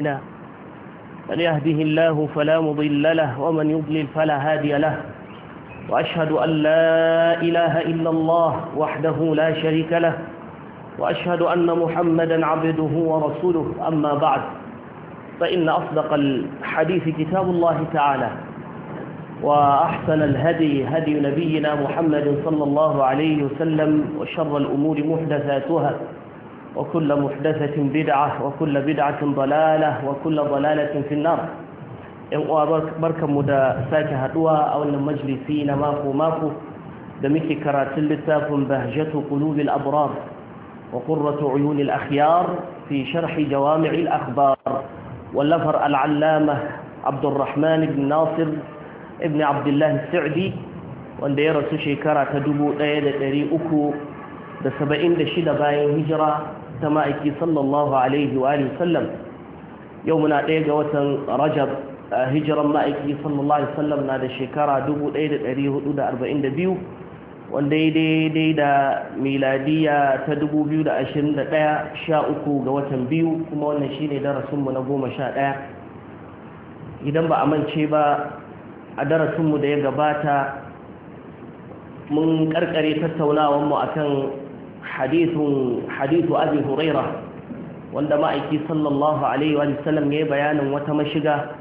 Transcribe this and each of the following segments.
لا من يهده الله فلا مضل له ومن يضلل فلا هادي له وأشهد أن لا إله إلا الله وحده لا شريك له وأشهد أن محمدا عبده ورسوله أما بعد فإن أصدق الحديث كتاب الله تعالى وأحسن الهدي هدي نبينا محمد صلى الله عليه وسلم وشر الأمور محدثاتها وكل محدثة بدعة وكل بدعة ضلالة وكل ضلالة في النار بركم مدى ساكة هدوى أو المجلسين ماكو ماكو دمكي كرات لتاكم بهجة قلوب الأبرار وقرة عيون الأخيار في شرح جوامع الأخبار واللفر العلامة عبد الرحمن بن ناصر ابن عبد الله السعدي وان ديرا سوشي كراتدبو ايدا تريئكو da saba'in da shida bayan hijira ta ma'aiki sallallahu alaihi wa sallam yau muna ɗaya ga watan rajab a hijiran ma'aiki sallallahu alaihi sallam na da shekara 1442 wanda ya daidai da miladiya ta 2021 sha uku ga watan biyu kuma wannan shi ne darasinmu na goma sha ɗaya idan ba a mance ba a darasinmu da ya gabata mun karkare tattaunawanmu kan. hadithu hadithu wanda ma'aiki sallallahu alaihi wa sallam ya yi bayanin wata mashiga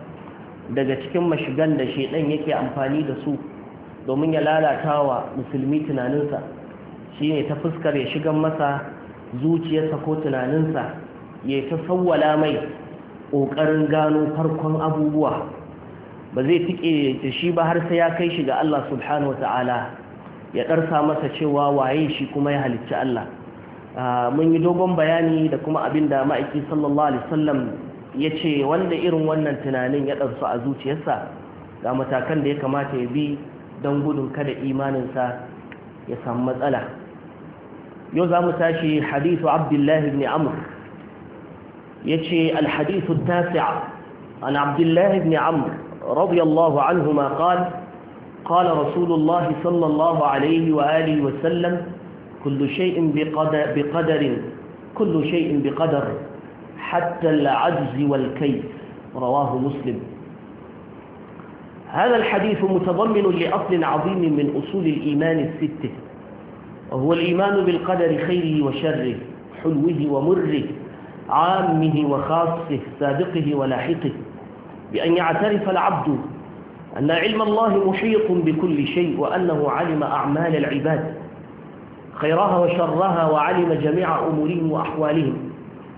daga cikin mashigan da shedan yake amfani da su domin ya lalata wa musulmi tunaninsa shine ta fuskar ya shiga masa zuciyarsa ko tunaninsa ya ta sawwala mai ƙoƙarin gano farkon abubuwa ba zai tike da shi ba har sai ya kai shi ga Allah subhanahu wataala ya ɗarsa masa cewa waye shi kuma ya halicci Allah ah, mun yi dogon bayani da kuma abin da ma'aiki sallallahu alaihi wasallam ya ce wanda irin wannan tunanin ya ɗarsu a zuciyarsa ga matakan da ya kamata ya bi don gudun kada imaninsa ya samu matsala yau za mu tashi hadisu abdullahi ibn amr ya ce alhadisu tasi'a an abdullahi ibn amr radiyallahu anhu ma qala قال رسول الله صلى الله عليه وآله وسلم كل شيء بقدر, بقدر كل شيء بقدر حتى العجز والكيف رواه مسلم هذا الحديث متضمن لأصل عظيم من أصول الإيمان الستة وهو الإيمان بالقدر خيره وشره حلوه ومره عامه وخاصه سابقه ولاحقه بأن يعترف العبد أن علم الله محيط بكل شيء وأنه علم أعمال العباد خيرها وشرها وعلم جميع أمورهم وأحوالهم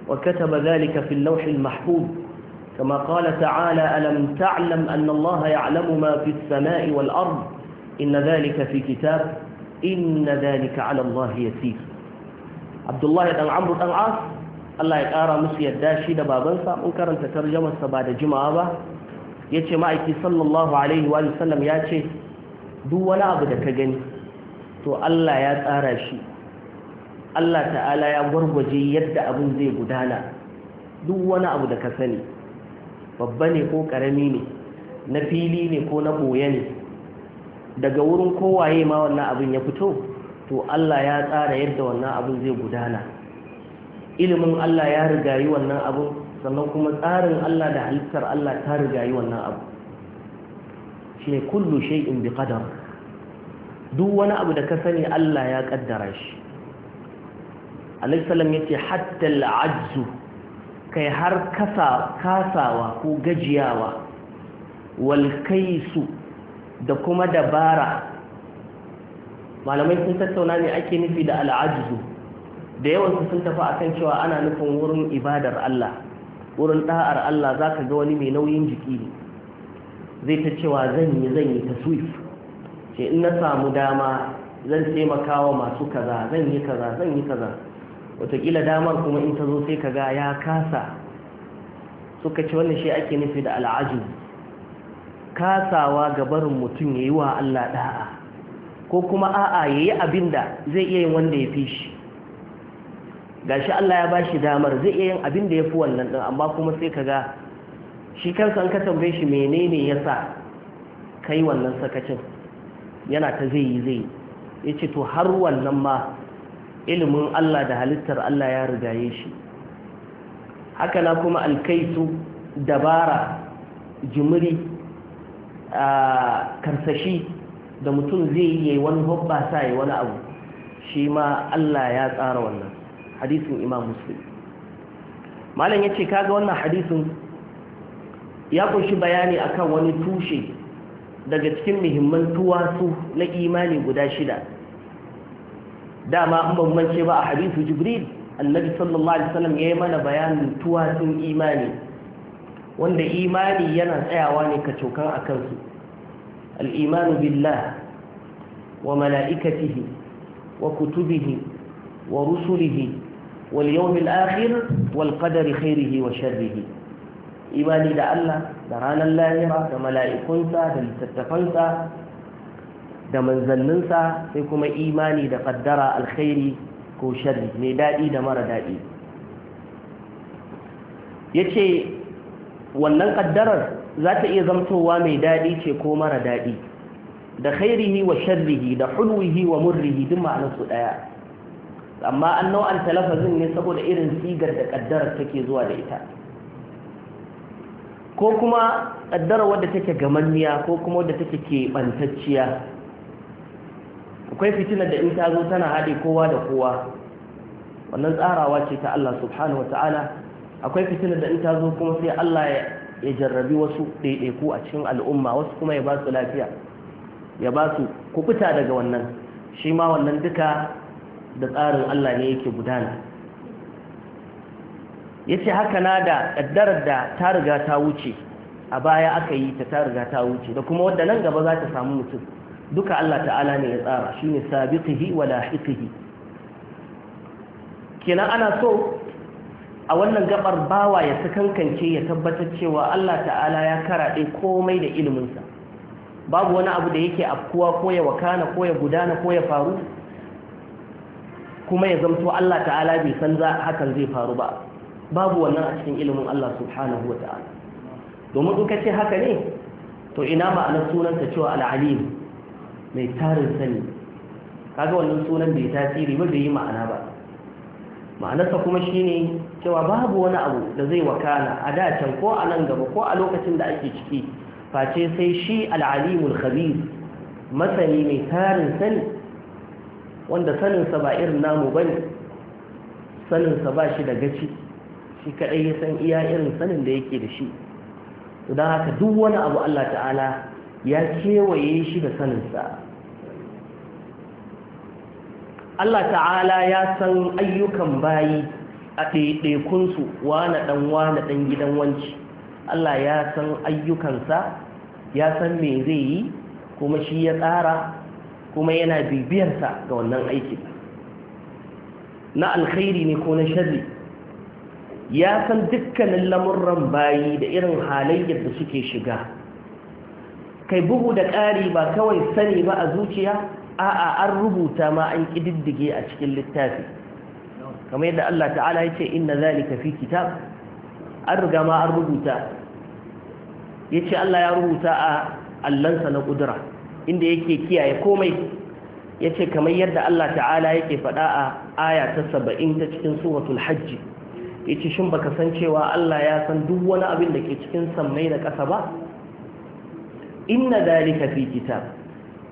وكتب ذلك في اللوح المحفوظ كما قال تعالى ألم تعلم أن الله يعلم ما في السماء والأرض إن ذلك في كتاب إن ذلك على الله يسير عبد الله بن عمرو بن العاص الله يقارى مسيا داشي da babansa أن karanta tarjumarsa ba جمعه ya ce ma'aiki sallallahu alaihi wa sallam ya ce duk wani abu da ka gani to Allah ya tsara shi Allah ta'ala ya gwargwaje yadda abin zai gudana duk wani abu da ka sani babba ne ko karami ne na fili ne ko na boye ne daga wurin kowaye ma wannan abin ya fito to Allah ya tsara yadda wannan abin zai gudana ilimin Allah ya rigayi wannan abin sannan kuma tsarin Allah da halittar Allah ta riga yi wannan abu shi ne kullu shay'in bi qadar duk wani abu da ka sani Allah ya kaddara shi alaihi salam yace hatta al'ajzu kai har kasa kasawa ko gajiyawa wal kaisu da kuma dabara malamai sun tattauna ne ake nufi da al'ajzu da yawan sun tafi akan cewa ana nufin wurin ibadar Allah wurin ɗa'ar Allah za ka ga wani mai nauyin jiki ne zai ta cewa zan yi zan yi ta ce in na samu dama zan taimaka wa masu kaza zan yi kaza zan yi kaza wataƙila damar kuma in ta zo sai ka ga ya kasa suka ce wannan shi ake nufi da al'ajin kasawa ga barin mutum ya yi wa Allah da'a ko kuma a'a ya yi abin da zai iya yin wanda ya fi shi gashi Allah ya bashi damar zai iya yin abin da ya fi wannan din amma kuma sai kaga shi kansa an ka tambaye shi menene yasa kai wannan sakacin yana ta zai yi zai yace to har wannan ma ilimin Allah da halittar Allah ya rigaye shi haka na kuma alkaitu dabara jimiri a karsashi da mutum zai yi wani sa ya wani abu shi ma Allah ya tsara wannan hadisin imam muslim malam ya ce kaga wannan hadisin ya kunshi bayani akan wani tushe daga cikin muhimman tuwasu na imani guda shida dama an bambance ba a hadisu jibril annabi sallallahu alaihi wasallam ya yi mana bayanin tuwasun imani wanda imani yana tsayawa ne ka cokan a kansu al'imanu billah wa mala'ikatihi wa kutubihi wa rusulihi واليوم الاخر والقدر خيره وشره ايماني ده الله دران الله يرا ده ملائكتا ده تتفنتا ده منزلنسا sai kuma imani da qaddara alkhairi ko sharri mai dadi da mara dadi yace wannan ƙaddarar za ta iya zamtowa mai daɗi ce ko mara daɗi da khairihi wa sharrihi da hulwihi wa murrihi duk ma'anar ɗaya. amma an nau'anta lafazin ne saboda irin sigar da ƙaddarar take zuwa da ita ko kuma ƙaddarar wadda take gamanniya ko kuma wadda take keɓantacciya akwai fitina da in ta zo tana haɗe kowa da kowa wannan tsarawa ce ta Allah subhanahu wata'ala akwai fitina da in ta zo kuma sai Allah ya jarrabi wasu ɗaiɗaiku a cikin al'umma wasu kuma ya ba su lafiya ya ba su kukuta daga wannan shi ma wannan duka da tsarin Allah ne yake gudana yace haka na da kaddarar da ta riga ta wuce a baya aka yi ta riga ta wuce da kuma wadda nan gaba za ta samu mutum duka Allah ta'ala ne ya tsara ne sabiqihi wa lahiqihi kenan ana so a wannan gabar bawa ya sakankance ya tabbatar cewa Allah ta'ala ya karaɗe komai da iliminsa babu wani abu da yake afkuwa ko ya wakana ko ya gudana ko ya faru kuma ya zamto Allah ta'ala bai san za hakan zai faru ba babu wannan a cikin ilimin Allah subhanahu wa ta'ala domin in ce haka ne to ina ma'anar sunanta cewa al'alim mai tarin sani kaga wannan sunan bai tasiri ba bai yi ma'ana ba ma'anarsa kuma shine cewa babu wani abu da zai wakana a dacen ko a nan gaba ko a lokacin da ake ciki face sai shi al'alimul khabir masani mai tarin sani wanda saninsa ba irin namu ba ne saninsa ba shi da gaci shi kaɗai ya san iya irin sanin da yake da shi Dan haka duk wani abu Allah ta'ala ya kewaye shi da saninsa Allah ta'ala ya san ayyukan bayi a ɗaiɗaikunsu wane ɗan wane ɗan gidan wanci Allah ya san ayyukansa ya san me zai yi kuma shi ya tsara kuma yana bibiyarsa ga wannan aiki na alkhairi ne ko na sharri ya san dukkanin lamurran bayi da irin halayyar da suke shiga kai bugu da ƙari ba kawai sani ba a zuciya a'a an rubuta ma an ƙididdige a cikin littafi kamar yadda Allah ta'ala ya ce inna zalika fi kitab an riga ma an rubuta ya ce Allah ya rubuta a allansa na ƙudura inda yake kiyaye komai yace kamar yadda Allah ta'ala yake faɗa a aya ta 70 ta cikin suratul hajj yace shin baka san cewa Allah ya san duk wani abin da ke cikin samai da ƙasa ba inna dalika fi kitab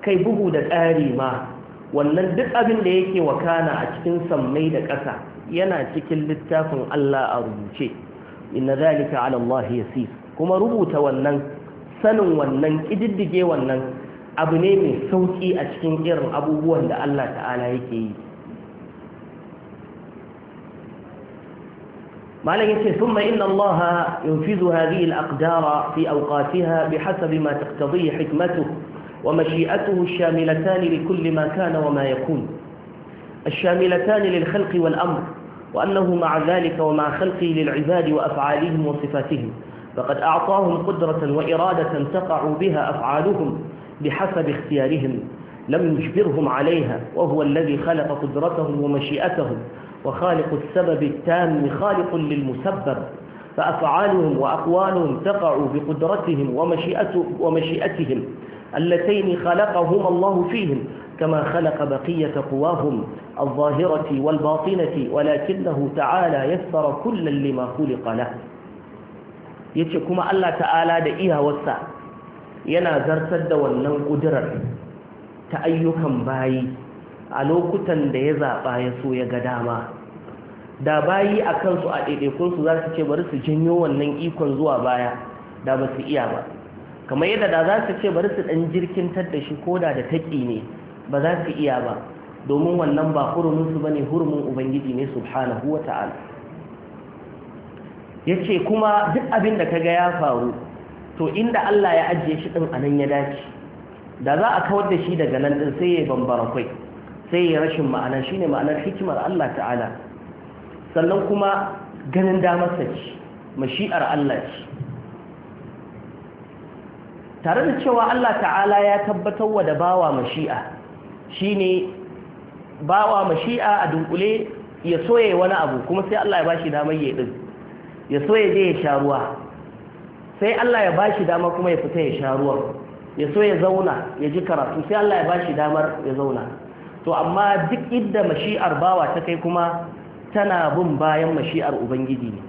kai bugu da ƙari ma wannan duk abin da yake wakana a cikin sammai da ƙasa yana cikin littafin Allah a rubuce inna dalika ala Allah yasir kuma rubuta wannan sanin wannan kididdige wannan abu ne mai sauki a cikin irin abubuwan da Allah ta'ala yake yi مالك يقول ثم إن الله ينفذ هذه الأقدار في أوقاتها بحسب ما تقتضيه حكمته ومشيئته الشاملتان لكل ما كان وما يكون الشاملتان للخلق والأمر وأنه مع ذلك ومع خلقه للعباد وأفعالهم وصفاتهم فقد أعطاهم قدرة وإرادة تقع بها أفعالهم بحسب اختيارهم لم يجبرهم عليها وهو الذي خلق قدرتهم ومشيئتهم وخالق السبب التام خالق للمسبب فأفعالهم وأقوالهم تقع بقدرتهم ومشيئتهم اللتين خلقهما الله فيهم كما خلق بقية قواهم الظاهرة والباطنة ولكنه تعالى يسر كلا لما خلق له يتشكما الله تعالى دئيها والسعب yana zartar da wannan ƙudurar ta ayyukan bayi a lokutan da ya zaɓa ya so ya ga dama da bayi a kansu a ɗaiɗaikunsu za su ce bari su janyo wannan ikon zuwa baya da ba su iya ba kamar yadda da za su ce bari su ɗan jirkintar da shi koda da taƙi ne ba za su iya ba domin wannan ba huruminsu ba ne hurumin ubangiji ne subhanahu wa ta'ala ya ce kuma duk abin da ka ga ya faru to inda Allah ya ajiye shi din anan ya dace da za a kawar da shi daga nan din sai ya bambara kai sai ya rashin ma'ana shine ma'anar hikimar Allah ta'ala sannan kuma ganin damar sa ce mashi'ar Allah ce tare da cewa Allah ta'ala ya tabbatar wa da bawa mashi'a shine bawa mashi'a a dunkule ya soye wani abu kuma sai Allah ya bashi damar yayi din ya soye je ya sha ruwa sai Allah ya bashi dama kuma ya fita ya sha ruwa ya so ya zauna ya ji karatu sai Allah ya bashi damar ya zauna to amma duk idda mashi'ar bawa ta kai kuma tana bin bayan mashi'ar ubangiji ne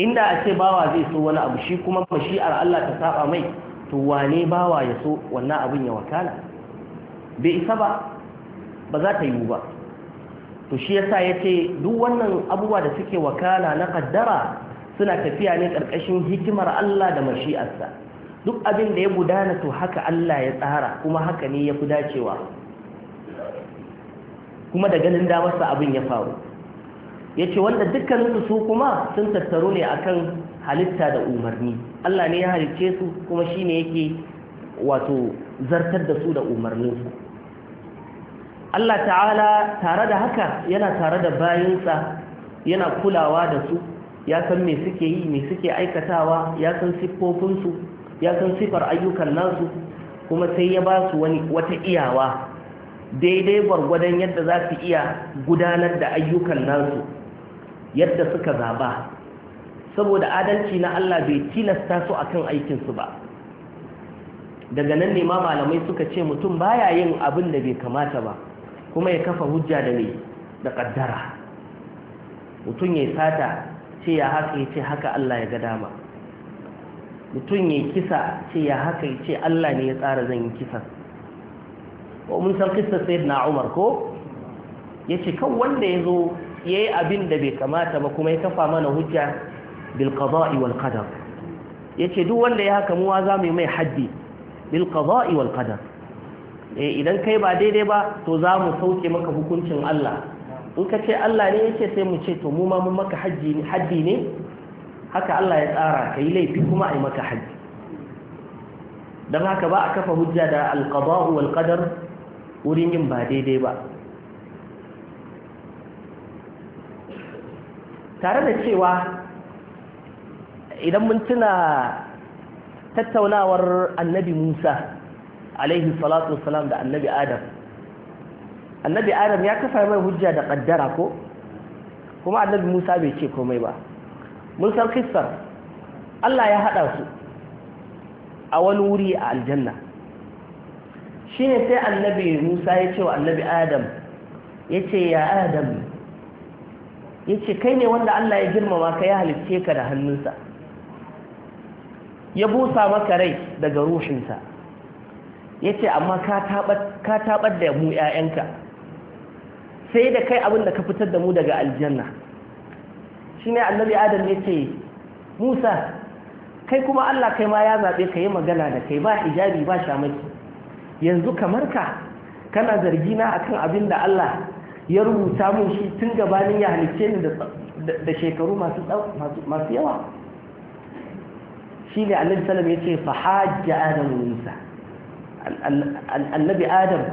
inda a ce bawa zai so wani abu shi kuma mashi'ar Allah ta saba mai to wane bawa ya so wannan abin ya wakala bai isa ba ba za ta yiwu ba to shi yasa yace duk wannan abubuwa da suke wakala na kaddara suna tafiya ne ƙarƙashin hikimar Allah da mashi'arsa duk abin da ya gudana to haka Allah ya tsara kuma haka ne ya fi dacewa kuma da ganin damarsa abin ya faru ya ce wanda dukkaninsu su kuma sun tattaro ne akan halitta da umarni Allah ne ya halicce su kuma shi ne yake wato zartar da su da umarninsu Allah ta'ala tare da haka yana tare da bayinsa yana kulawa da su ya san me suke yi me suke aikatawa ya san siffofinsu ya san sifar ayyukan nasu kuma sai ya ba su wata iyawa daidai gwargwadon yadda za su iya gudanar da ayyukan nasu yadda suka zaba saboda adalci na Allah bai tilasta su akan aikinsu ba daga nan ne ma malamai suka ce mutum baya yin abin da bai kamata ba kuma ya kafa hujja da ne da kaddara mutum ya sata ce ya haka ya ce haka Allah ya ga dama mutum ya kisa ce ya haka ya ce Allah ne ya tsara zan yi kisa ko mun san kisa sai na Umar ko ya ce kan wanda ya zo ya yi abin da bai kamata ba kuma ya kafa mana hujja bil qada'i wal qadar ya ce duk wanda ya haka muwa za mu yi mai haddi bil qada'i wal qadar eh, idan kai ba daidai ba to za mu sauke maka hukuncin Allah in ka ce Allah ne yake sai mu ce to mu ma mun maka haji ne haddi ne haka Allah ya tsara kai laifi kuma ai maka haji dan haka ba a kafa hujja da alqada'u wal qadar wurin yin ba daidai ba tare da cewa idan mun tuna tattaunawar annabi Musa alaihi salatu wassalam da annabi Adam annabi adam ya kafa mai hujja da kaddara ko kuma annabi musa bai ce komai ba mun san kissar allah ya haɗa su a wani wuri a aljanna shi ne sai annabi musa ya ce wa annabi adam ya ce ya adam ya ce kai ne wanda allah ya girmama ka ya halitce ka da hannunsa ya busa maka rai daga rushinsa ya ce amma ka tabar da mu 'ya'yanka sai da kai abin da ka fitar da mu daga aljanna shi ne annabi adam ya ce musa kai kuma allah kai ma ya zaɓe ka yi magana da kai ba hijabi ba shamaki yanzu kamar ka kana na akan abin da allah ya rubuta mun shi tun gabanin ya halicce ni da shekaru masu yawa shi ne annabi salam ya ce fahajja adam musa annabi adam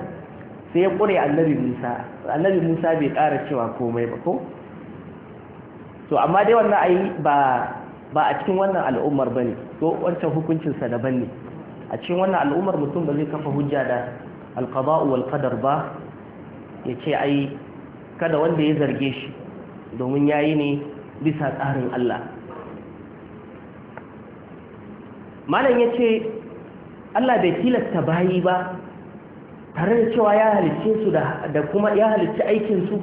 sai ya ƙure annabi musa annabi musa bai ƙara cewa komai ba ko to amma dai wannan ayi ba ba a cikin wannan al'ummar bane ko wancan hukuncinsa daban ne a cikin wannan al'ummar mutum ba zai kafa hujja da alqada'u wal qadar ba yace ai kada wanda ya zarge shi domin yayi ne bisa tsarin Allah malam yace Allah bai tilasta bayi ba tare da cewa ya halicce su da kuma ya halicci aikinsu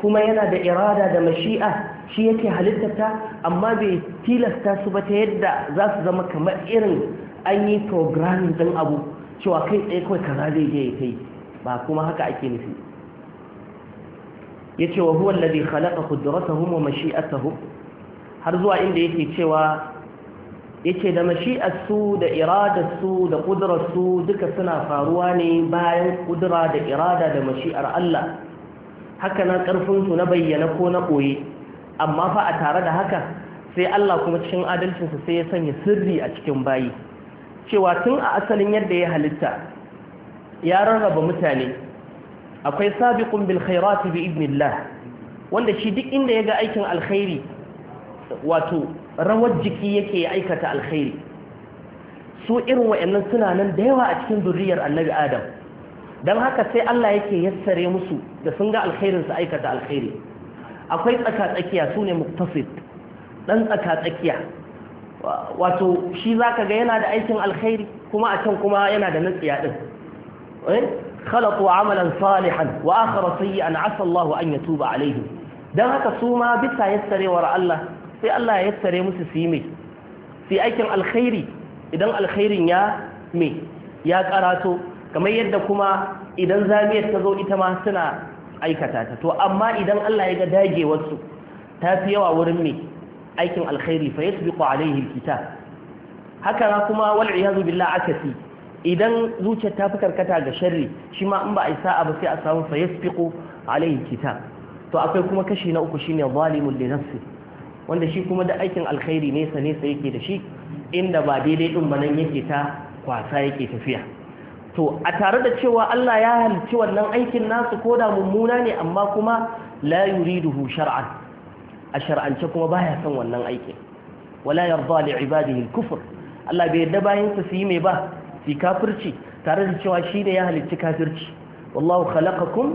kuma yana da irada da mashi'a shi yake halittata amma bai tilasta su ba ta yadda za su zama kamar irin an yi programming ɗin abu cewa kai tsaye kawai kaza zai je ya kai ba kuma haka ake nufi ya ce wa huwa ladi khalaqa qudratuhum wa mashi'atuhum har zuwa inda yake cewa yace da mashi'ar su da iradar su da kudurar su duka suna faruwa ne bayan kudura da irada da mashi'ar Allah haka nan karfin na bayyana ko na ɓoye. amma fa a tare da haka sai Allah kuma cikin adalcinsa sai ya sanya sirri a cikin bayi cewa tun a asalin yadda ya halitta ya rarraba mutane akwai sabiqun bil khairati bi idnillah wanda shi duk inda ya ga aikin alkhairi wato rawar jiki yake aikata alkhairi su irin wa'annan suna nan da yawa a cikin zuriyar annabi adam don haka sai Allah yake yassare musu da sun ga alkhairin su aikata alkhairi akwai tsaka tsakiya su ne muktasid dan tsaka tsakiya wato shi zaka ga yana da aikin alkhairi kuma a can kuma yana da natsiya din eh khalaqu amalan salihan wa akhara sayyi'an asa Allah an dan haka su ma bisa yassarewar Allah sai Allah ya yassare musu su yi mai su aikin alkhairi idan alkhairin ya mai ya karato kamar yadda kuma idan zamiyar ta zo ita ma suna aikata ta to amma idan Allah ya ga dagewarsu ta fi yawa wurin mai aikin alkhairi fa yasbiqu alaihi haka kuma wal iyazu billah akasi idan zuciyar ta fi karkata ga sharri shi ma in ba a yi sa'a ba sai a samu fa yasbiqu alaihi kitab to akwai kuma kashi na uku shine zalimul li nafsi wanda shi kuma da aikin alkhairi nesa nesa yake da shi inda ba daidai din ba nan yake ta kwasa yake tafiya to a tare da cewa Allah ya halicci wannan aikin nasu ko da mummuna ne amma kuma la yuriduhu shar'an a shar'ance kuma baya son wannan aikin wala yarda li ibadihi al-kufr Allah bai yarda bayan su yi mai ba su kafirci tare da cewa shi ne ya halicci kafirci wallahu khalaqakum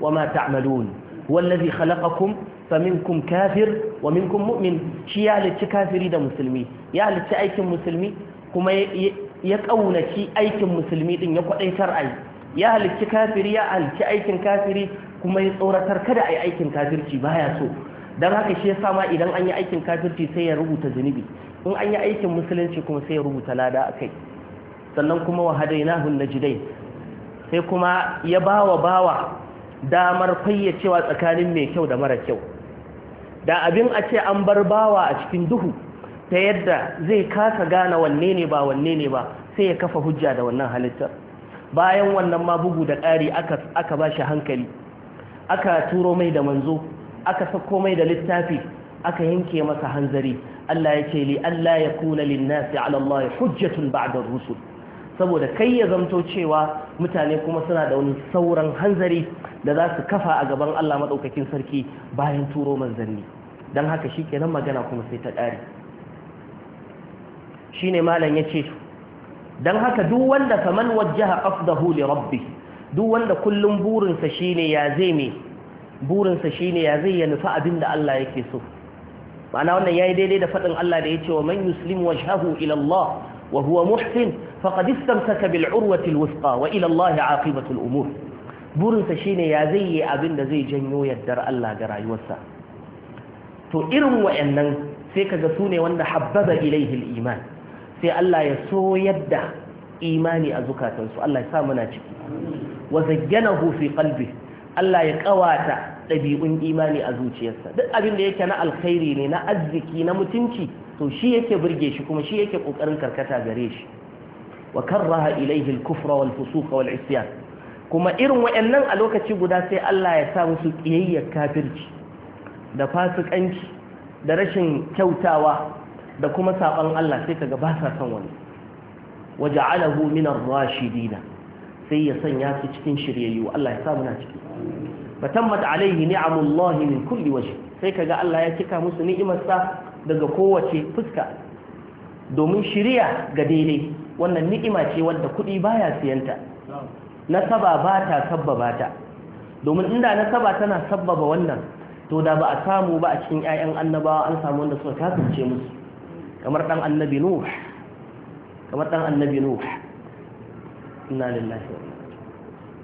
wama ta'malun huwa alladhi khalaqakum faminkum kafir wa minkum mu'min shi ya halicci kafiri da musulmi ya halicci aikin musulmi kuma ya kaunaci aikin musulmi din ya kwadaitar ai ya halicci kafiri ya halicci aikin kafiri kuma ya tsoratar kada ai aikin kafirci baya so dan haka shi yasa ma idan an yi aikin kafirci sai ya rubuta zunubi in an yi aikin musulunci kuma sai ya rubuta lada akai sannan kuma wa hadainahu najdain sai kuma ya bawa bawa damar fayyacewa tsakanin mai kyau da mara kyau da abin a ce an bar bawa a cikin duhu ta yadda zai kasa gane wanne ne ba wanne ne ba sai ya kafa hujja da wannan halittar bayan wannan ma bugu da ƙari aka ba shi hankali aka turo mai da manzo aka sako mai da littafi aka yanke masa hanzari Allah ya ce li Allah ya kuna linnasi ala Allah hujjatun ba'da rusul saboda kai ya zamto cewa mutane kuma suna da wani sauran hanzari da za su kafa a gaban Allah maɗaukakin sarki bayan turo manzanni don haka shi kenan magana kuma sai ta ƙare shi ne malam ya ce don haka duk wanda kaman wajjaha afdahu li rabbi duk wanda kullum burinsa shine ya zai me burinsa ya zai ya nufa abin da Allah yake so ma'ana wannan ya yi daidai da faɗin Allah da ya ce wa man yuslim wajhahu ila Allah wa huwa muhsin faqad istamsaka bil urwati al wa ila Allah aqibatu al umur burinsa shine ya zai yi abin da zai janyo yardar Allah ga rayuwarsa to irin wayannan sai kaga sune wanda habbaba ilaihi al iman sai Allah ya so yadda imani a zukatansu Allah ya sa muna ciki wa zayyanahu fi Allah ya ƙawata ɗabi'un imani a zuciyarsa duk abin da yake na alkhairi ne na arziki na mutunci to shi yake burge shi kuma shi yake ƙoƙarin karkata gare shi wa karraha ilaihi al-kufra wal fusuqa wal isyan kuma irin wayannan a lokaci guda sai Allah ya sa musu kiyayyar kafirci da fasikanci da rashin kyautawa da kuma saban Allah sai kaga ba sa son wani waja'alahu min ar-rashidin sai ya sanya su cikin shiryayyu Allah ya sa muna ciki fatammat alaihi ni'amullahi min kulli wajh sai kaga Allah ya cika musu ni'imarsa daga kowace fuska domin shiriya ga daidai wannan ni'ima ce wadda kuɗi baya siyanta nasaba ba ta sabbaba ta domin inda nasaba tana sabbaba wannan to da ba a samu ba a cikin 'ya'yan annabawa an samu wanda suka kasance musu kamar dan annabi nuh kamar dan annabi nuh inna lillahi wa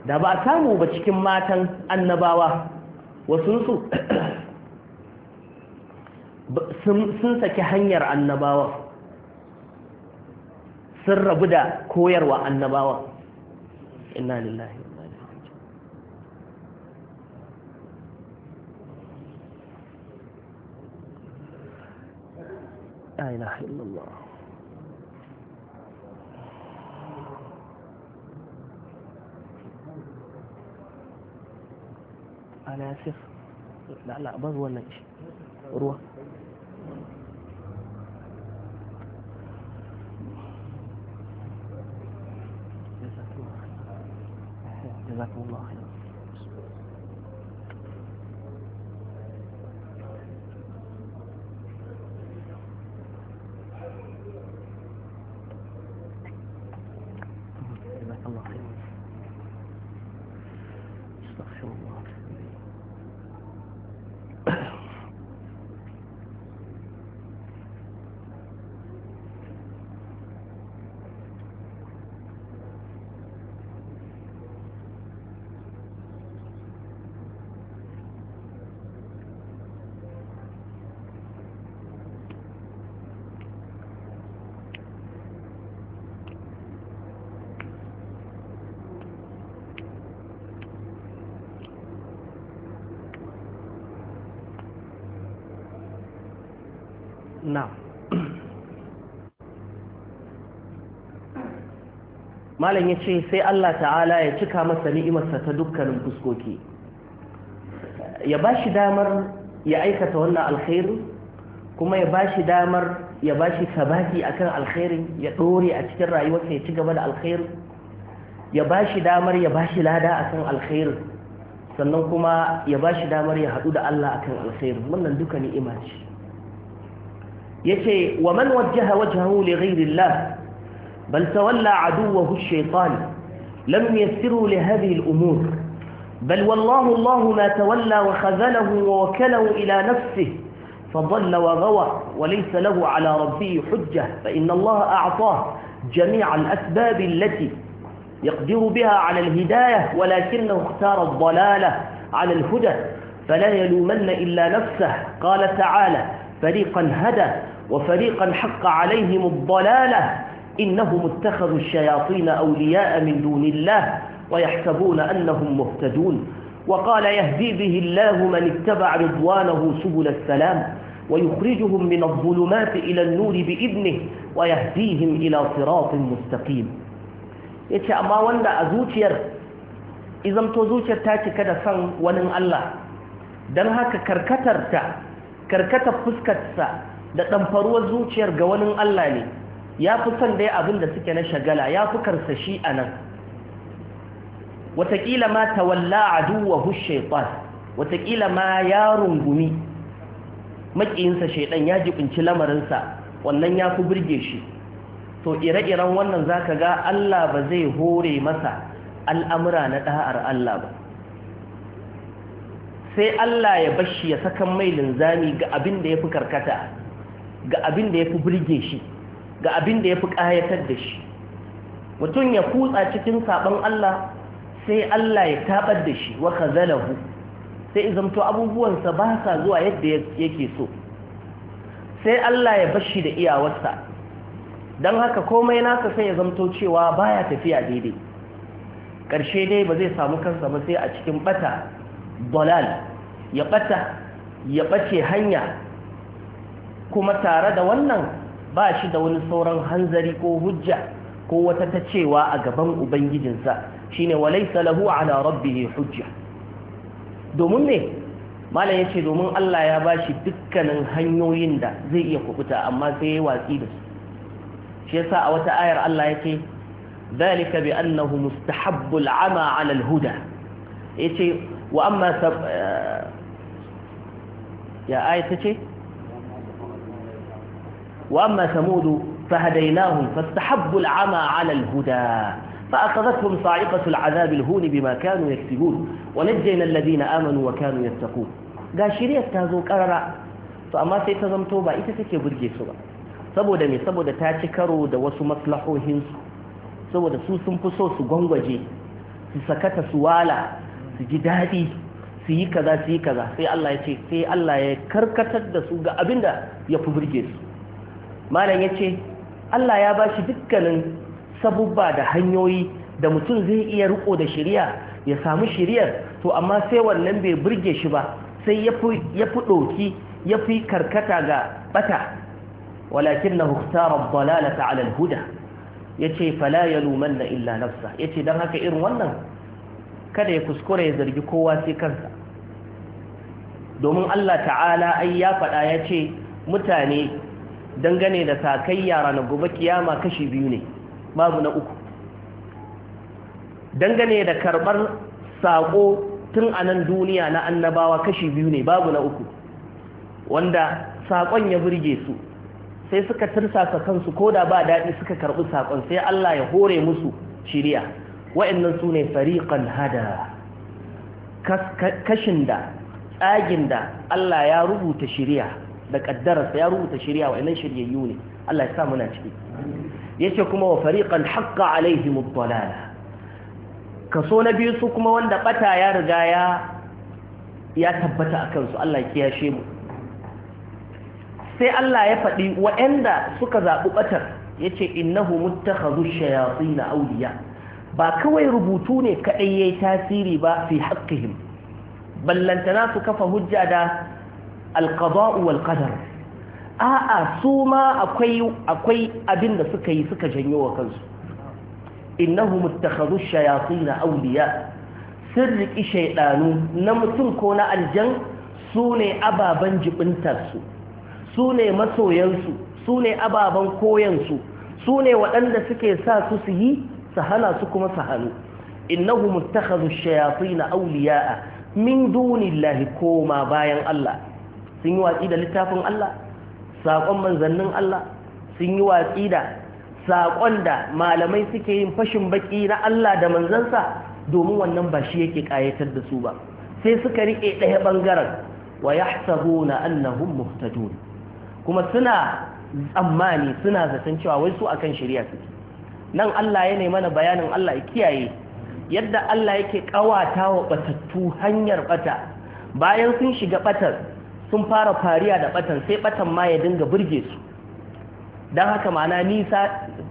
da ba a samu ba cikin matan annabawa wasu sun sun saki hanyar annabawa sun rabu da koyarwa annabawa inna lillahi la ilaha illallah ana yasir da Allah ba ruwan nan ruwa جزاكم الله خيرا na'am malam ya ce sai Allah ta'ala ya cika masa ni'imarsa ta dukkanin fuskoki ya ba shi damar ya aikata wannan alkhairu kuma ya ba shi damar ya ba shi akan alkhairi ya ɗore a cikin rayuwarsa ya ci gaba da alkhairi ya ba shi damar ya ba shi lada akan alkhairi sannan kuma ya ba shi damar ya haɗu da Allah akan alkhairi wannan duka ni'ima yace ومن وجه وجهه لغير الله بل تولى عدوه الشيطان لم ash لهذه الأمور بل والله الله ما تولى وخذله ووكله إلى نفسه فضل وغوى وليس له على ربه حجة فإن الله أعطاه جميع الأسباب التي يقدر بها على الهداية ولكنه اختار الضلالة على الهدى فلا يلومن إلا نفسه قال تعالى فريقا هدى وفريقا حق عليهم الضلالة إنهم اتخذوا الشياطين أولياء من دون الله ويحسبون أنهم مهتدون وقال يهدي به الله من اتبع رضوانه سبل السلام ويخرجهم من الظلمات إلى النور بإذنه ويهديهم إلى صراط مستقيم yace ما wanda أزوتير إذا izamto zuciyar ta cika da san wani Allah don haka karkatarta da ɗamfaruwar zuciyar ga wani Allah ne ya fi son dai abin da suke na shagala ya fi karsa shi a nan Wataƙila ma ta walla duwa aduwahu shaitan wataƙila ma ya rungumi maƙiyinsa shaidan ya jiɓinci lamarinsa wannan ya fi birge shi to ire-iren wannan za ka ga Allah ba zai hore masa al'amura na ɗa'ar Allah ba sai Allah ya bashi ya sakan mai linzami ga abin da ya fi karkata ga abin da ya fi birge shi ga abin da ya fi ƙayatar da shi mutum ya kutsa cikin saɓon Allah sai Allah ya taɓar da shi waka zalahu sai izamto abubuwansa ba sa zuwa yadda yake so sai Allah ya bashi da iyawarsa don haka komai naka sai ya zamto cewa baya tafiya daidai ƙarshe dai ba zai samu kansa ba sai a cikin ɓata dalal ya bata ya ɓace hanya kuma tare da wannan ba shi da wani sauran hanzari ko hujja ko wata ta cewa a gaban ubangijinsa shine walaysa lahu ala rabbih hujja domin ne malam yace domin Allah ya bashi dukkanin hanyoyin da zai iya kubuta amma sai ya watsi da su shi yasa a wata ayar Allah yake zalika bi annahu mustahabbul ama ala al-huda yace wa amma ya ayata ce وأما Fa فهديناهم فاستحبوا العمى على الهدى فأخذتهم صاعقة العذاب الهون بما كانوا يكسبون ونجينا الذين آمنوا وكانوا يتقون ga shiryar ta zo karara to amma sai ta zamto ba ita take burge su ba saboda me saboda ta ci karo da wasu maslahohinsu saboda su sun fi so su gwangwaje su sakata su wala su ji daɗi su yi kaza su yi kaza sai Allah ya ce sai Allah ya karkatar da su ga abinda ya fi burge su malam ce Allah ya bashi dukkanin sabubba da hanyoyi da mutum zai iya riko da shirya ya samu shiryar to amma sai wannan bai burge shi ba sai ya fi ɗoki ya fi karkata ga bata walakin na huktarar dalalata alal huda ya ce fala ya luman na illa nafsa ya ce don haka irin wannan kada ya kuskura ya zargi kowa sai kansa domin Allah ta'ala ai ya faɗa ya ce mutane dangane da sakayya ranar gobe kiyama kashi biyu ne babu na uku dangane da karɓar sako tun a nan duniya na annabawa kashi biyu ne babu na uku wanda saƙon ya burge su sai suka tursasa kansu ko da ba daɗi suka karɓi sakon sai Allah ya hore musu shiriya wa'annan su ne fariƙan hada kashin da tsagin da Allah ya rubuta shiriya da kaddararsa ya rubuta shirya wa ilan shiryayyu ne Allah ya sa muna ciki yace kuma wa fariqan haqqa alaihim ad kaso na biyu su kuma wanda bata ya riga ya ya tabbata akan su Allah ya kiyashe mu sai Allah ya faɗi waɗanda suka zaɓi batar yace innahu muttakhadhu shayatin awliya ba kawai rubutu ne kadai yayi tasiri ba fi haqqihim ballantana su kafa hujja da alqada'u wal qadar a'a su ma akwai abinda abin da suka yi suka janyo wa kansu innahum ittakhadhu ash-shayatin awliya sirriki shaidanu na mutum ko na aljan su ne ababan jibintar su ne masoyansu su ne ababan koyansu su ne waɗanda suke sa su su yi su hana su kuma su hannu innahu muttakhadhu ash-shayatin awliya'a min dunillahi koma bayan Allah sun yi watsi da littafin Allah saƙon manzannin Allah sun yi watsi da saƙon da malamai suke yin fashin baƙi na Allah da manzansa domin wannan ba shi yake ƙayatar da su ba sai suka riƙe ɗaya ɓangaren wa ya na annahun muhtajun kuma suna tsammani suna zaton cewa wai su akan shari'a suke nan Allah ya nemi mana bayanin Allah ya kiyaye yadda Allah yake ƙawata wa batattu hanyar ɓata, bayan sun shiga ɓatar. sun fara fariya da batan sai batan ma ya dinga burge su don haka ma'ana nisa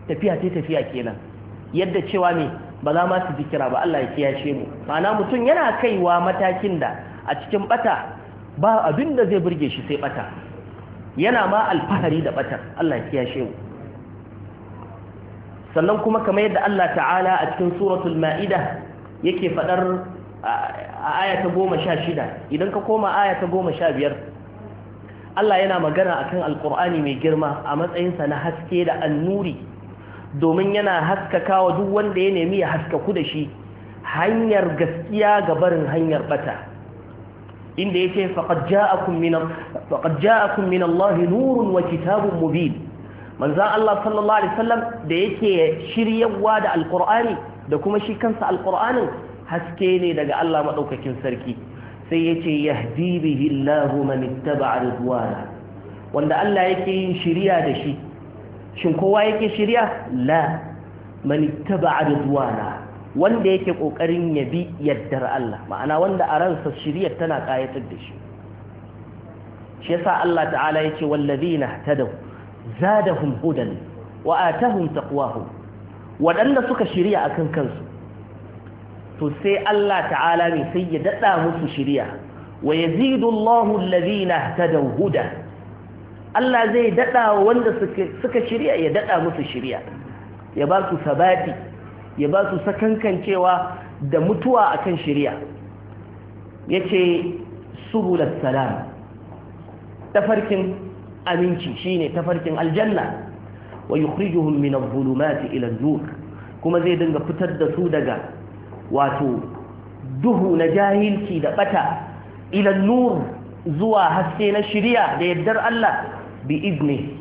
tafiya ce tafiya kenan yadda cewa ne ba za ma su ji kira ba Allah ya kiyashe mu ma'ana mutum yana kaiwa matakin da a cikin bata ba abin da zai burge shi sai bata yana ma alfahari da batar Allah ya kiyashe mu sannan kuma kamar yadda Allah ta'ala a cikin suratul ma'ida yake faɗar a aya ta 16 idan ka koma aya ta biyar. Allah yana magana akan Alƙur'ani mai girma a matsayinsa na haske da annuri domin yana haskaka wa duk wanda ya nemi ya haskaku da shi hanyar gaskiya ga barin hanyar bata inda yace faqad ja'akum min faqad min nurun wa kitabun mubin manzo Allah sallallahu alaihi wasallam da yake shiryawa da Alƙur'ani da kuma shi kansa Alƙur'anin haske ne daga Allah madaukakin sarki sai ya ce yahdi bihi Allahu man ittaba ridwana wanda Allah yake yin shiriya da shi shin kowa yake shiriya la man ittaba ridwana wanda yake kokarin ya bi yaddar Allah ma'ana wanda a ransa shiriyar tana kayatar da shi shi yasa Allah ta'ala yake wallazina tadaw zadahum hudan wa atahum taqwahum wadanda suka shiriya akan kansu to sai Allah ta'ala ne sai ya dada musu shiriya wa yazidu Allahu alladhina ihtadaw huda Allah zai dada wanda suka suka shiriya ya dada musu shiriya ya ba su sabati ya ba su sakankancewa da mutuwa akan shiriya yace subul salam tafarkin aminci shine tafarkin aljanna wa yukhrijuhum min adh-dhulumati ila an-nur kuma zai dinga fitar da su daga wato duhu na jahilci da bata ila nur zuwa haske na shiriya da yaddar Allah bi izni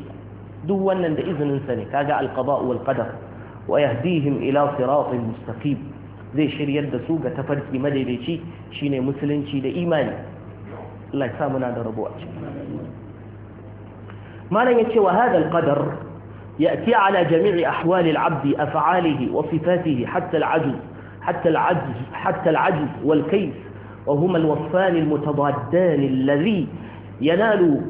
duk wannan da izinin ne kaga alqada wal qadar wa yahdihim ila siratin mustaqim zai shiryar da su ga tafarki madaidaici shine musulunci da imani Allah ya sa muna da rabo a cikin ya ce wa hada alqadar يأتي على جميع أحوال العبد أفعاله وصفاته حتى العجز حتى العجز حتى العجز والكيس وهما الوصفان المتضادان الذي ينال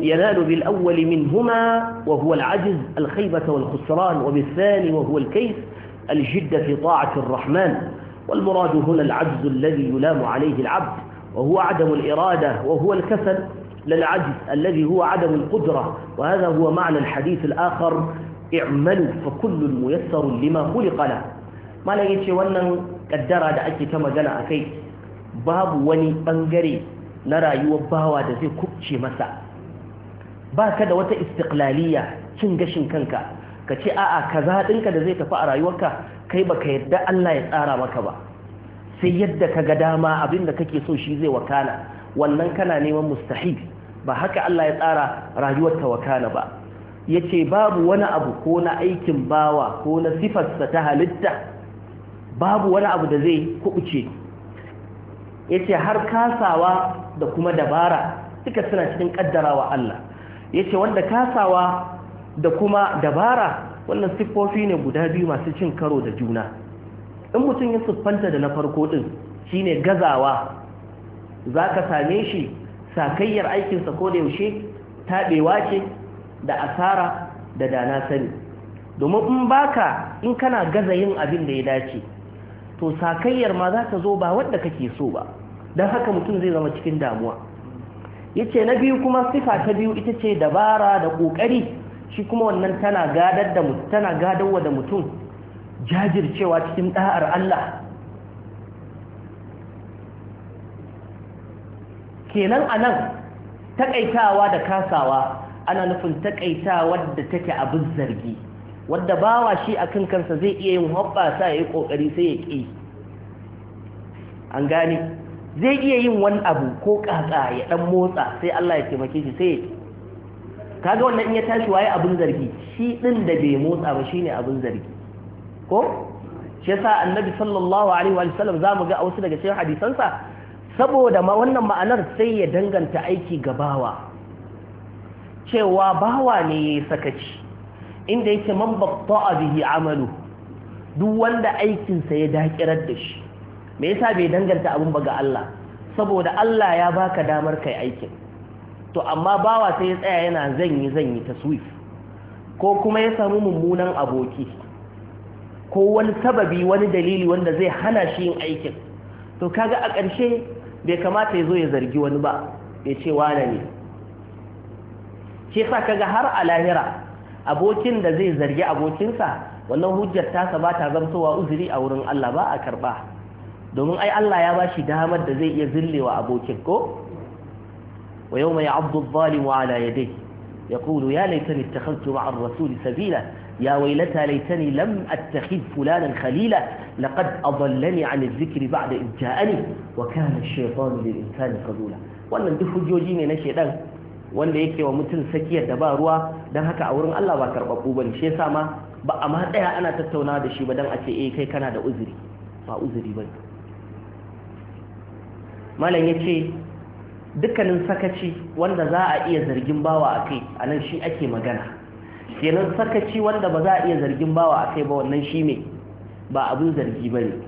ينال بالأول منهما وهو العجز الخيبة والخسران وبالثاني وهو الكيس الجد في طاعة الرحمن والمراد هنا العجز الذي يلام عليه العبد وهو عدم الإرادة وهو الكسل للعجز الذي هو عدم القدرة وهذا هو معنى الحديث الآخر اعملوا فكل ميسر لما خلق له malam yace wannan kaddara da ake ta magana akai babu wani bangare na rayuwar bawa da zai kubce masa Ba ka da wata istiqlaliya cin gashin kanka ka ce a'a kaza dinka da zai tafi a rayuwarka kai ba ka yadda Allah ya tsara maka ba sai yadda ka ga dama abin da kake so shi zai wakana wannan kana neman mustahil ba haka Allah ya tsara rayuwar wakana ba yace babu wani abu ko na aikin bawa ko na sifarsa ta halitta babu wani abu da zai kubuce yace har kasawa da kuma dabara duka suna cikin ƙaddarawa Allah yace wanda kasawa da kuma dabara wannan siffofi ne guda biyu masu cin karo da juna in mutum ya siffanta da na farko din shine gazawa zaka same shi sakayyar aikinsa ko da yaushe tabewa ce da asara da dana sani domin in baka in kana gaza yin abin da ya dace to sakayyar ma za ta zo ba wadda kake so ba don haka mutum zai zama cikin damuwa Ya ce na biyu kuma sifa ta biyu ita ce dabara da kokari shi kuma wannan tana gadar da mutum tana gadarwa da mutum jajircewa cikin ɗa'ar Allah kenan a nan takaitawa da kasawa ana nufin takaitawa wadda take abin zargi wadda bawa shi a kan kansa zai iya yin hoɓɓasa ya yi ƙoƙari sai ya ƙi an gane zai iya yin wani abu ko ƙaƙa ya ɗan motsa sai Allah ya taimake shi sai ya ƙi kaga wannan in ya tashi waye abin zargi shi ɗin da bai motsa ba shi ne abin zargi ko shi yasa annabi sallallahu alaihi wa sallam za mu ga a wasu daga cikin hadisansa saboda wannan ma'anar sai ya danganta aiki ga bawa cewa bawa ne ya sakaci inda yake man a bihi amalu duk wanda aikinsa ya dakirar da shi me yasa bai danganta abin ba ga Allah saboda Allah ya baka damar kai aikin to amma bawa sai ya tsaya yana zanyi zanyi taswif ko kuma ya samu mummunan aboki ko wani sababi wani dalili wanda zai hana shi yin aikin to kaga a ƙarshe bai kamata ya zo ya zargi wani ba ya ce wane ne shi sa kaga har a lahira abokin da zai zargi abokinsa wannan hujjar tasa ba ta zamtowa uzuri a wurin Allah ba a karba domin ai Allah ya bashi damar da zai iya zillewa abokin ko wa yawma ya'dhu adh-dhalimu 'ala yadayhi yaqulu ya laitani ittakhadhtu ma'a ar-rasuli sabila يا ويلتى ليتني لم أتخذ فلانا خليلا لقد bada عن الذكر بعد إذ جاءني وكان الشيطان للإنسان خذولا wannan duk hujjoji ne na shedan wanda yake wa mutum sakiyar da ba ruwa don haka a wurin Allah ba karɓaɓɓu ba ne shi ma ba a ma tsaya ana tattaunawa da shi ba don a ce eh kai kana da uzuri ba uzuri ba malam ya ce dukkanin sakaci wanda za a iya zargin bawa a kai a nan shi ake magana kenan sakaci wanda ba za a iya zargin bawa a kai ba wannan shi ne ba abin zargi ba ne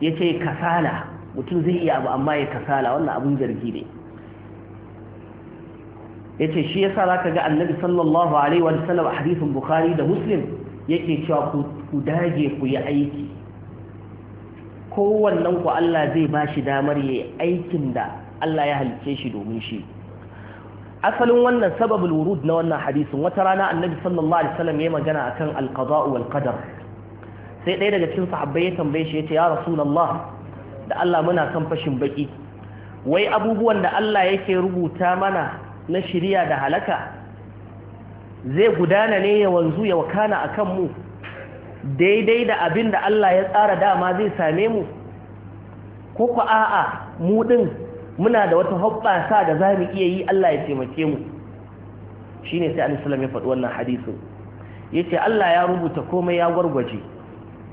ya ce kasala mutum zai iya abu amma ya kasala wannan abun zargi ne yace shi yasa zaka ga annabi sallallahu alaihi wa sallam a hadisin bukhari da muslim yake cewa ku dage ku yi aiki Kowannan ku Allah zai ba shi damar yayi aikin da Allah ya halice shi domin shi asalin wannan sababul wurud na wannan hadisin wata rana annabi sallallahu alaihi wasallam ya magana akan alqada wal qadar sai ɗaya daga cikin sahabbai ya tambaye shi yace ya rasulullah da Allah muna kan fashin baki wai abubuwan da Allah yake rubuta mana na shirya da halaka zai gudana ne ya wanzu ya wakana a kanmu daidai da abin da Allah ya tsara dama zai same mu ko ku a'a mu ɗin muna da wata hoɓɓasa da za mu iya yi Allah ya taimake mu shi ne sai alisalam ya faɗi wannan hadisun ya ce Allah ya rubuta komai ya gwargwaje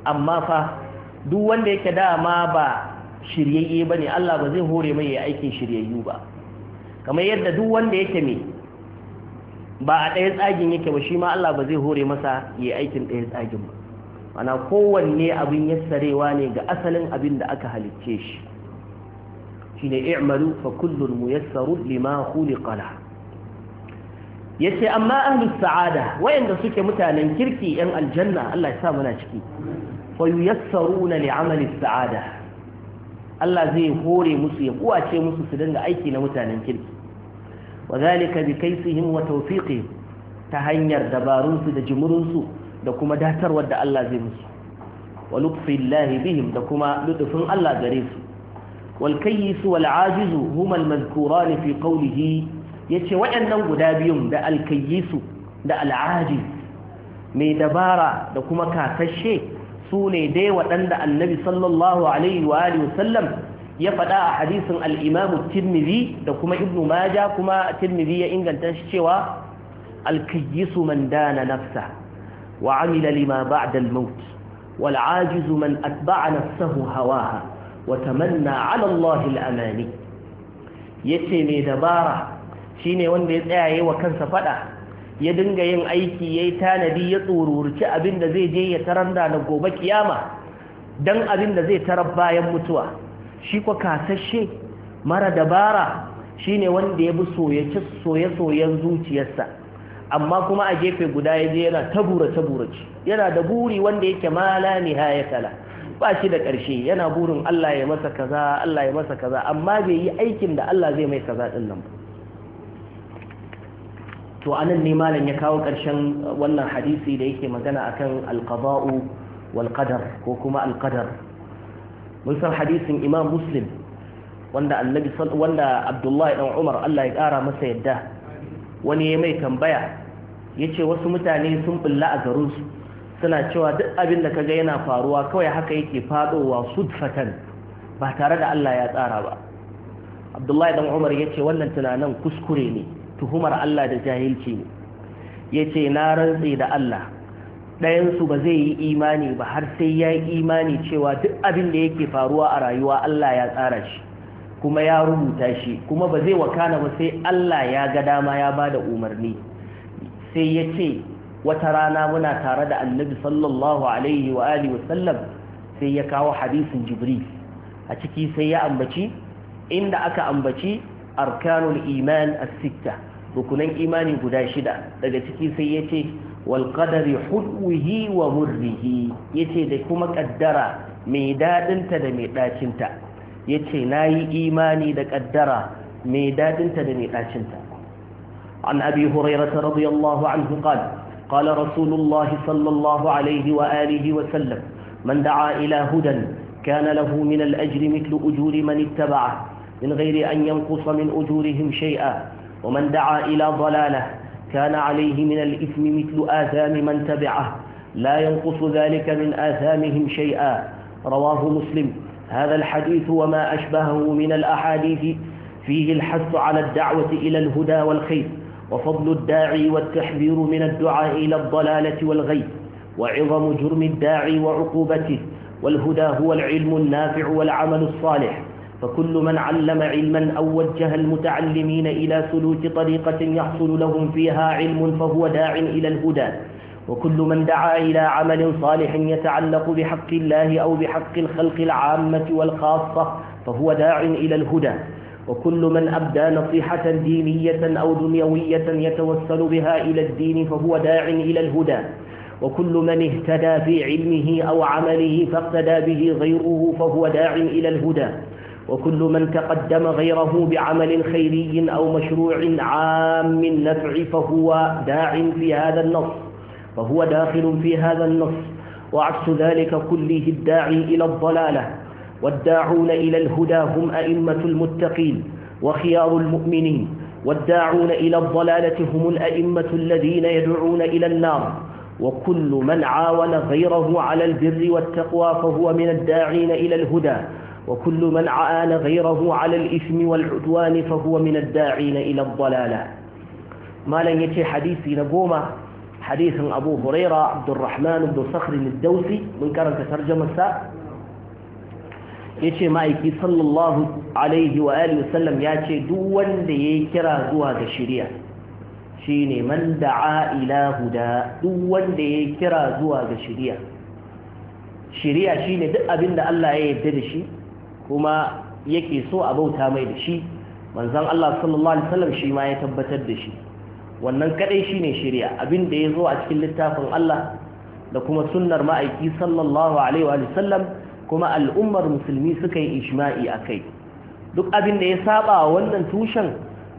amma fa duk wanda yake dama ba shiryayye ba ne Allah ba zai hore mai ya aikin shiryayyu ba kamar yadda duk wanda yake mai ba a ɗaya tsagin yake ba shi ma Allah ba zai hore masa ya aikin ɗaya tsagin ba mana kowanne abin yassarewa ne ga asalin abin da aka halicce shi shine i'malu fa kullun muyassaru lima khuliqa yace amma ahlus sa'ada wayanda suke mutanen kirki yan aljanna Allah ya sa muna ciki fa ne li'amali sa'ada Allah zai hore musu ya kuwace musu su dinga aiki na mutanen kirki wa zalika bi kaisihim wa tawfiqihim ta hanyar dabarun su da jimurin su da kuma datarwar da Allah zai musu wa lutfillahi bihim da kuma lutfin Allah gare su wal kayyis wal ajiz huma al mazkuran fi qawlihi yace waɗannan guda biyun da al kayyis da al ajiz mai dabara da kuma kasashe su ne dai waɗanda annabi sallallahu alaihi wa alihi wasallam ya faɗa a hadisin al-Imam Tirmidhi da kuma ibnu maja kuma Tirmidhi ya inganta shi cewa al-kayyisu man dana nafsa wa amila lima ba'da al-maut wal ajizu man atba'a nafsahu hawaha wa tamanna 'ala Allah al-amani yace mai dabara shine wanda ya tsaya yayin kansa faɗa ya dinga yin aiki ya yi tanadi ya tsorurci abin da zai je ya tarar da na gobe kiyama don abin da zai tarar bayan mutuwa shi kwa kasashe mara dabara shi ne wanda ya bi soye-soyen zuciyarsa amma kuma a gefe guda ya je yana tabura-taburaci yana da buri wanda yake mala ne hayatala ba shi da ƙarshe yana burin Allah ya masa kaza Allah ya masa kaza amma bai yi aikin da Allah zai mai kaza ɗin nan ba to anan ne malam ya kawo ƙarshen uh, wannan hadisi da yake magana akan alqada'u wal qadar ko kuma alqadar mun san hadisin imam muslim wanda annabi wanda abdullahi dan umar Allah ya ƙara masa yadda wani ya mai tambaya yace wasu mutane sun bulla a garin su suna cewa duk abin da kaga yana faruwa kawai haka yake fadowa sudfatan ba tare da Allah ya tsara ba abdullahi dan umar yace wannan tunanin kuskure ne tuhumar Allah da jahilci ne yace na rantse da Allah ɗayansu ba zai yi imani ba har sai ya yi imani cewa duk abin da yake faruwa a rayuwa Allah ya tsara shi kuma ya rubuta shi kuma ba zai wakana ba sai Allah ya ga dama ya ba da umarni sai ya ce wata rana muna tare da annabi sallallahu alaihi wa alihi wasallam sai ya kawo hadisin jibril a ciki sai ya ambaci inda aka ambaci arkanul iman as-sittah rukunan imani guda shida daga ciki sai yace wal qadari hudwihi wa murrihi yace da kuma kaddara mai dadin ta da mai dacin ta yace nayi imani da kaddara mai dadin ta da mai dacin ta an abi hurairata radiyallahu anhu qala qala rasulullahi sallallahu alaihi wa alihi wa sallam man da'a ila hudan kana lahu min al-ajri mithlu ujuri man ittaba'a min ghairi an yanqusa min ujurihim shay'a ومن دعا إلى ضلاله كان عليه من الإثم مثل آثام من تبعه لا ينقص ذلك من آثامهم شيئا رواه مسلم هذا الحديث وما أشبهه من الأحاديث فيه الحث على الدعوة إلى الهدى والخير وفضل الداعي والتحذير من الدعاء إلى الضلالة والغي وعظم جرم الداعي وعقوبته والهدى هو العلم النافع والعمل الصالح فكل من علم علما أو وجه المتعلمين إلى سلوك طريقة يحصل لهم فيها علم فهو داع إلى الهدى وكل من دعا إلى عمل صالح يتعلق بحق الله أو بحق الخلق العامة والخاصة فهو داع إلى الهدى وكل من أبدى نصيحة دينية أو دنيوية يتوسل بها إلى الدين فهو داع إلى الهدى وكل من اهتدى في علمه أو عمله فاقتدى به غيره فهو داع إلى الهدى وكل من تقدم غيره بعمل خيري أو مشروع عام النفع فهو داع في هذا النص فهو داخل في هذا النص وعكس ذلك كله الداعي إلى الضلالة والداعون إلى الهدى هم أئمة المتقين وخيار المؤمنين والداعون إلى الضلالة هم الأئمة الذين يدعون إلى النار وكل من عاون غيره على البر والتقوى فهو من الداعين إلى الهدى وكل من عآن غيره على الإثم والعدوان فهو من الداعين إلى الضلالة ما لن يتي حديثي نقوم حديث أبو هريرة عبد الرحمن بن صخر الدوسي من كرم ترجمة ساء يتي مايكي صلى الله عليه وآله وسلم يتي دوان ليكرا زواج الشريع shine man da'a ila huda duk wanda ya kira zuwa ga shiriya shiriya shine duk abin da Allah ya yarda da shi kuma yake so a bauta mai da shi manzon Allah sallallahu alaihi wasallam shi ma ya tabbatar da shi wannan kadai ne shari'a abin da zo a cikin littafin Allah da kuma sunnar ma'aiki sallallahu alaihi wa sallam kuma al'ummar musulmi suka yi ijma'i akai duk abin da ya saba wannan tushen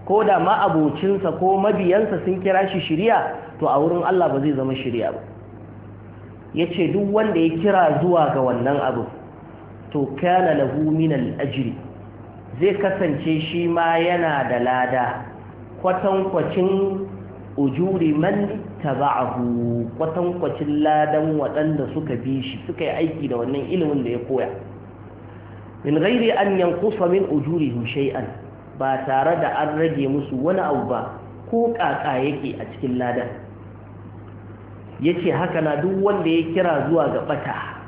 ko da ma'abocinsa ko mabiyansa sun kira shi shari'a to a wurin Allah ba zai zama shari'a ba yace duk wanda ya kira zuwa ga wannan abu to kana lahu min zai kasance shi ma yana da lada kwatankwacin ujuri man taba'ahu kwatankwacin ladan waɗanda suka bi shi suka yi aiki da wannan ilimin da ya koya min ghairi an yanqusa min ujurihim shay'an ba tare da an rage musu wani abu ba ko ƙaƙa yake a cikin ladan yace haka na duk wanda ya kira zuwa ga bata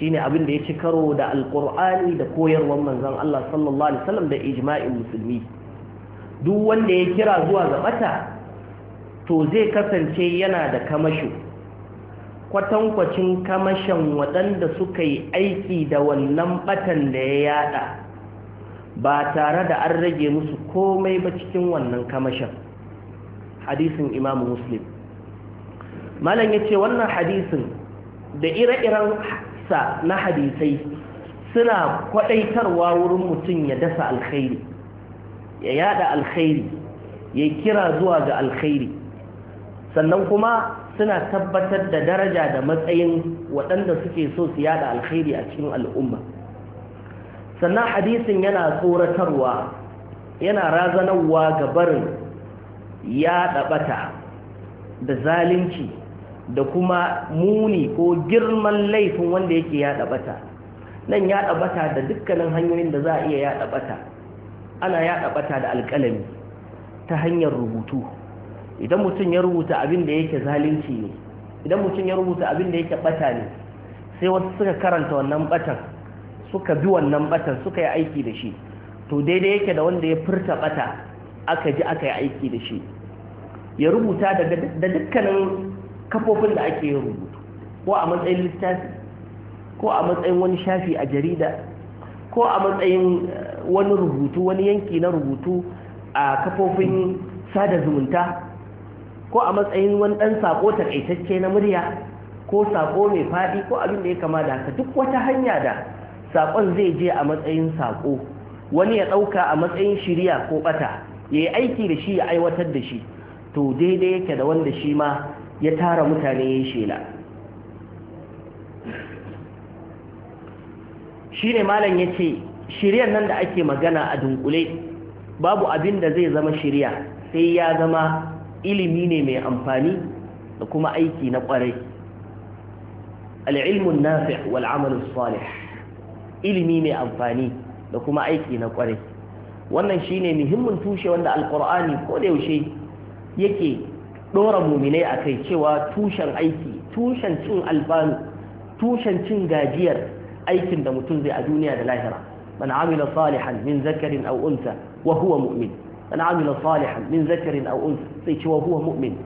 shine abin da ya ci karo da Alkur'ani da koyarwar manzan Allah sallallahu alaihi wasallam da ijma'in musulmi duk wanda ya kira zuwa ga bata to zai kasance yana da kamasho kwatankwacin kamashin waɗanda suka yi aiki da wannan batan da ya yada ba tare da an rage musu komai ba cikin wannan kamashin hadisin imamu muslim malam ya ce wannan hadisin da ire-iren sa na hadisai suna kwadaitarwa wurin mutum ya dasa alkhairi ya yada alkhairi ya kira zuwa ga alkhairi sannan kuma suna tabbatar da daraja da matsayin waɗanda suke so su yada alkhairi a cikin al'umma sannan hadisin yana tsoratarwa yana razanarwa ga barin ya ɗabata da zalunci da kuma muni ko girman laifin wanda yake yaɗa bata nan yaɗa bata da dukkanin hanyoyin da za a iya yaɗa bata ana yaɗa bata da alƙalami ta hanyar rubutu idan mutum ya rubuta abin da yake zalunci ne idan mutum ya rubuta abin da yake bata ne sai wasu suka karanta wannan batan suka bi wannan batan suka yi aiki da shi to daidai yake da wanda ya furta bata aka ji aka yi aiki da shi ya rubuta da dukkanin kafofin da ake yin rubutu ko a matsayin littafi ko a matsayin wani shafi a jarida ko a matsayin eh, wani rubutu wani yanki na rubutu a kafofin sada zumunta ko a matsayin wani ɗan saƙo takaitacce na murya ko saƙo mai faɗi ko abin da ya kama da haka duk wata hanya da saƙon zai je a matsayin saƙo wani ya ɗauka a matsayin shirya ko ɓata ya yi aiki da shi ya aiwatar da shi to daidai yake da wanda shi ma ya tara mutane ya shela shi ne malam ya ce shiryan nan da ake magana a dunkule babu abin da zai zama shirya sai ya zama ilimi ne mai amfani da kuma aiki na kwarai al'ilmun nafi wal'amalin salih ilimi mai amfani da kuma aiki na kwarai wannan shine muhimmin tushe wanda alkur'ani ko da yaushe yake dora muminai a kai cewa tushen aiki tushen cin albanu tushen cin gajiyar aikin da mutum zai a duniya da lahira man amila salihan min zakarin aw unsa wa huwa mu'min man amila salihan min zakarin aw unsa sai ce wa huwa mu'min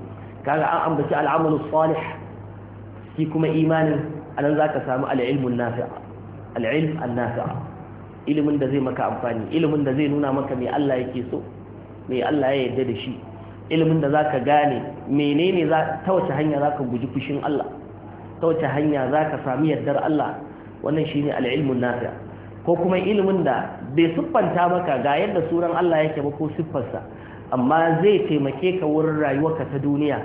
kaga an ambaci al'amalu salih shi kuma imanin anan zaka samu al'ilmu nafi'a al'ilm an-nafi'a ilimin da zai maka amfani ilimin da zai nuna maka me Allah yake so me Allah ya yarda da shi ilimin da za ka gane menene ta wace hanya za ka guji fushin Allah ta wace hanya za ka sami yardar Allah wannan shine ne ilmun nafiya ko kuma ilimin da bai siffanta maka ga yadda sunan Allah yake ba ko siffarsa amma zai taimake ka wurin rayuwarka ta duniya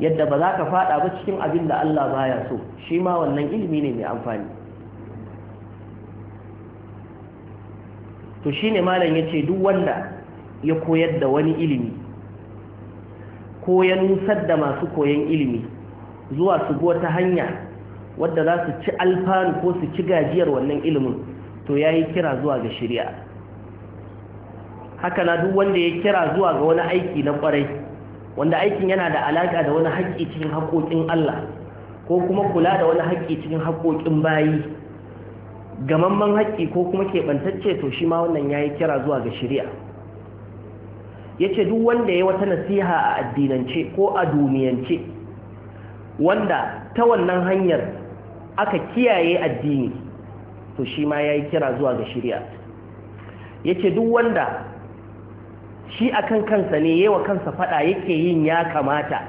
yadda ba za ka fada ba cikin abin da Allah baya so shi ma wannan ilimi ne mai amfani to shine malam ya ce duk wanda ya koyar da wani ilimi Koyan ya nusar da masu koyan ilimi zuwa su wata hanya wadda za su ci alfanu ko su ci gajiyar wannan ilimin to ya yi kira zuwa ga shirya haka na duk wanda ya kira zuwa ga wani aiki na kwarai wanda aikin yana da alaƙa da wani haƙƙi cikin haƙoƙin Allah ko kuma kula da wani haƙƙi cikin haƙoƙin bayi gamamman haƙƙi ko kuma keɓantacce to shi ma wannan ya yi kira zuwa ga shirya yace duk wanda ya wata nasiha a addinance ko a duniyance wanda ta wannan hanyar aka kiyaye addini to shi ma yayi kira zuwa ga shirya yace duk wanda shi akan kansa ne yayi wa kansa fada yake yin ya kamata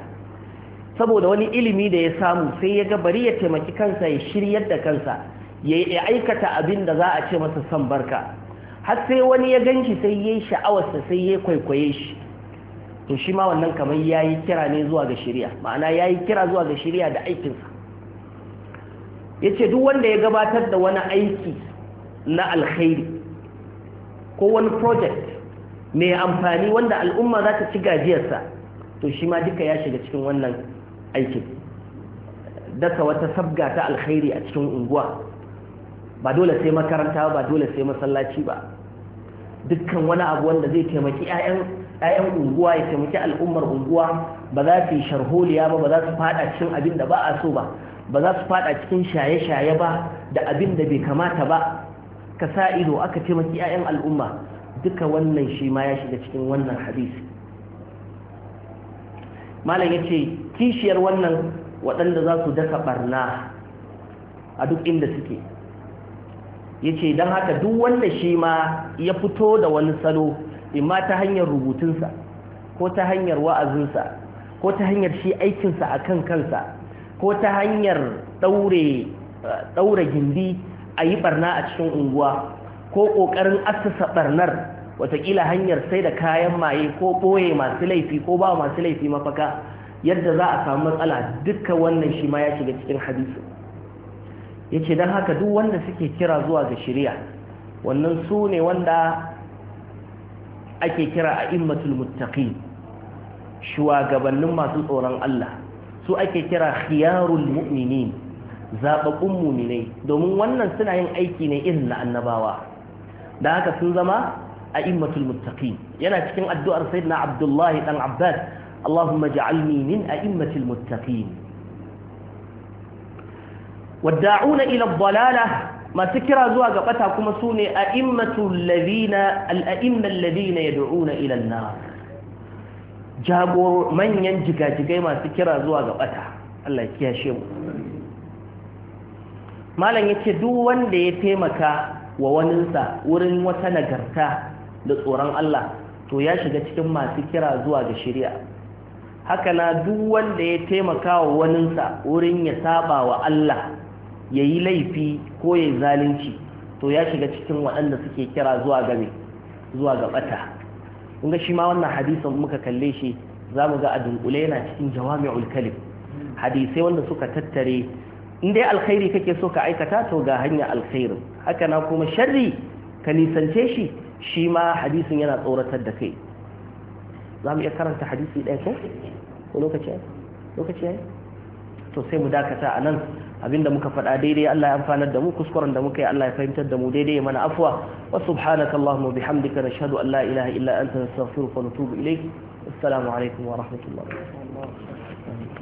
saboda wani ilimi da ya samu sai ya ga bari ya taimaki kansa ya shiryar da kansa ya aikata abin da za a ce masa son barka har sai wani ya gan shi sai ya yi sha'awarsa sai ya kwaikwaye shi to shi ma wannan kamar ya yi kira ne zuwa ga shirya ma'ana ya yi kira zuwa ga shirya da aikinsa ya ce duk wanda ya gabatar da wani aiki na alkhairi ko wani project mai amfani wanda al'umma za ta ci gajiyarsa to shi ma duka ya shiga cikin wannan aikin dasa wata sabga ta alkhairi a cikin unguwa ba dole sai makaranta ba dole sai masallaci ba dukkan wani abu wanda zai taimaki 'ya'yan unguwa ya taimaki al'ummar unguwa ba za su yi sharholiya ba ba za su fada cikin abin da ba a so ba ba za su fada cikin shaye-shaye ba da abin da bai kamata ba ka sa ido aka taimaki 'ya'yan al'umma duka wannan shi ma ya shiga cikin wannan hadisi malam ya ce kishiyar wannan waɗanda za su daka barna a duk inda suke ya ce dan haka duk wanda shi ma ya fito da wani salo imma ta hanyar rubutunsa ko ta hanyar wa'azinsa ko ta hanyar shi aikinsa a kan kansa ko ta hanyar daure gindi a yi barna a cikin unguwa ko ƙoƙarin assasa barnar watakila hanyar sai da kayan maye ko ɓoye masu laifi ko ba masu laifi mafaka yadda za a samu matsala dukkan wannan shi ma ya shiga cikin hadisi yace dan haka duk wanda suke kira zuwa ga shari'a wannan su ne wanda ake kira a immatul muttaqin shugabannin masu tsoron Allah su ake kira khiyarul mumini zaɓaɓɓun mu'minai domin wannan suna yin aiki ne irin na annabawa dan haka sun zama a immatul yana cikin addu'ar sayyidina Abdullahi Ɗan Abbas Allahumma ja'alni min a'immatil muttaqin wadda'una ila dalala masu kira zuwa ga bata kuma sune a'immatul ladina al-a'immal ladina yad'una ila an-nar manyan jigajigai masu kira zuwa ga bata Allah ya kiyashe mu malam yace duk wanda ya taimaka wa waninsa wurin wata nagarta da tsoron Allah to ya shiga cikin masu kira zuwa ga shari'a haka na duk wanda ya taimaka wa waninsa wurin ya saba wa Allah ya yi laifi ko ya yi zalunci to ya shiga cikin waɗanda suke kira zuwa ga zuwa ga ɓata kun shi ma wannan hadisin muka kalle shi za mu ga a dunkule yana cikin jawami'ul kalim hadisai wanda suka tattare in dai alkhairi kake so ka aikata to ga hanya alkhairin haka na kuma sharri ka nisance shi shi ma hadisin yana tsoratar da kai za mu iya karanta hadisi ɗaya ko lokaci lokaci to sai mu dakata a nan abinda muka faɗa daidai Allah ya amfanar da mu kuskuren da muka yi Allah ya fahimtar da mu daidai ya mana afwa wa subhanaka allahumma bihamdika nashhadu an la ilaha illa anta nastaghfiruka wa natubu ilayk assalamu alaikum wa rahmatullahi wa barakatuh